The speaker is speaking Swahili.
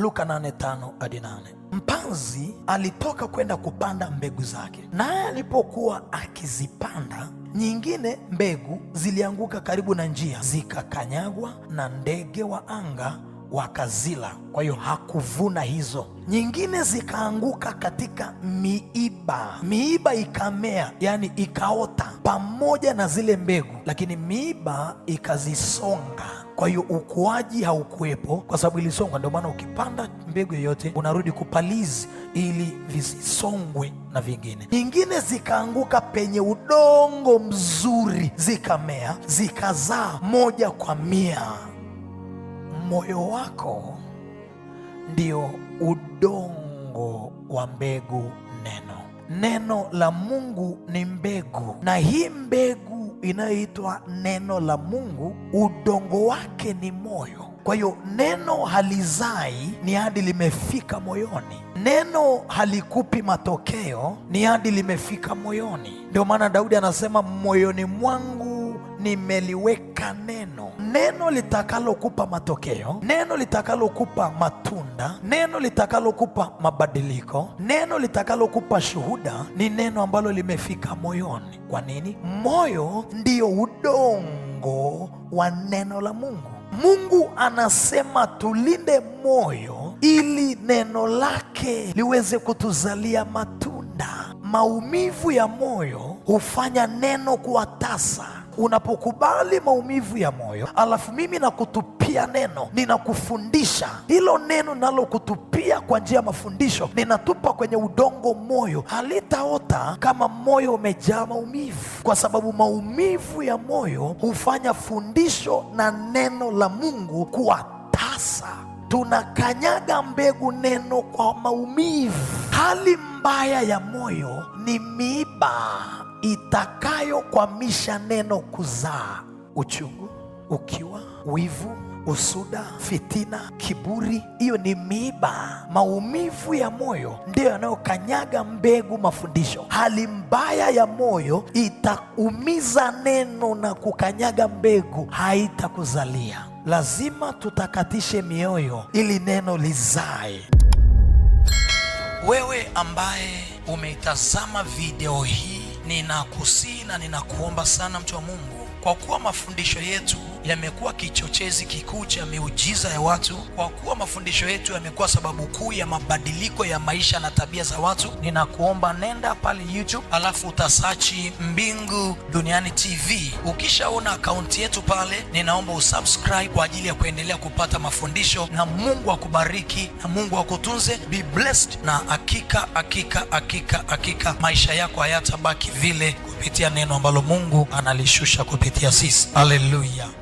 Luka 8:5 hadi 8. Mpanzi alitoka kwenda kupanda mbegu zake, naye alipokuwa akizipanda nyingine mbegu zilianguka karibu na njia, zikakanyagwa na ndege wa anga wakazila. Kwa hiyo hakuvuna hizo. Nyingine zikaanguka katika miiba, miiba ikamea, yani ikaota pamoja na zile mbegu, lakini miiba ikazisonga kwa hiyo ukuaji haukuwepo kwa sababu ilisongwa. Ndio maana ukipanda mbegu yoyote unarudi kupalizi ili visisongwe na vingine. Nyingine zikaanguka penye udongo mzuri, zikamea, zikazaa moja kwa mia moyo wako ndio udongo wa mbegu neno. Neno la Mungu ni mbegu, na hii mbegu inayoitwa neno la Mungu, udongo wake ni moyo. Kwa hiyo neno halizai ni hadi limefika moyoni. Neno halikupi matokeo ni hadi limefika moyoni. Ndio maana Daudi anasema moyoni mwangu nimeliweka neno, neno litakalokupa matokeo, neno litakalokupa matunda, neno litakalokupa mabadiliko, neno litakalokupa shuhuda ni neno ambalo limefika moyoni. Kwa nini? Moyo ndio udongo wa neno la Mungu. Mungu anasema tulinde moyo ili neno lake liweze kutuzalia matunda. Maumivu ya moyo hufanya neno kuwa tasa. Unapokubali maumivu ya moyo, alafu mimi nakutupia neno, ninakufundisha hilo neno nalokutupia kwa njia ya mafundisho, ninatupa kwenye udongo, moyo halitaota kama moyo umejaa maumivu, kwa sababu maumivu ya moyo hufanya fundisho na neno la Mungu kuwa tasa. Tunakanyaga mbegu neno kwa maumivu hali mbaya ya moyo ni miiba itakayokwamisha neno kuzaa: uchungu, ukiwa, wivu, usuda, fitina, kiburi. Hiyo ni miiba. Maumivu ya moyo ndiyo yanayokanyaga mbegu mafundisho. Hali mbaya ya moyo itaumiza neno na kukanyaga mbegu, haitakuzalia. Lazima tutakatishe mioyo ili neno lizae wewe ambaye umeitazama video hii ninakusii na ninakuomba sana mtu wa Mungu, kwa kuwa mafundisho yetu yamekuwa kichochezi kikuu cha miujiza ya watu, kwa kuwa mafundisho yetu yamekuwa sababu kuu ya mabadiliko ya maisha na tabia za watu. Ninakuomba nenda pale YouTube, alafu utasachi Mbingu Duniani TV. Ukishaona akaunti yetu pale, ninaomba usubscribe kwa ajili ya kuendelea kupata mafundisho, na Mungu akubariki na Mungu akutunze. Be blessed na hakika hakika hakika hakika maisha yako hayatabaki vile, kupitia neno ambalo Mungu analishusha kupitia sisi. Haleluya.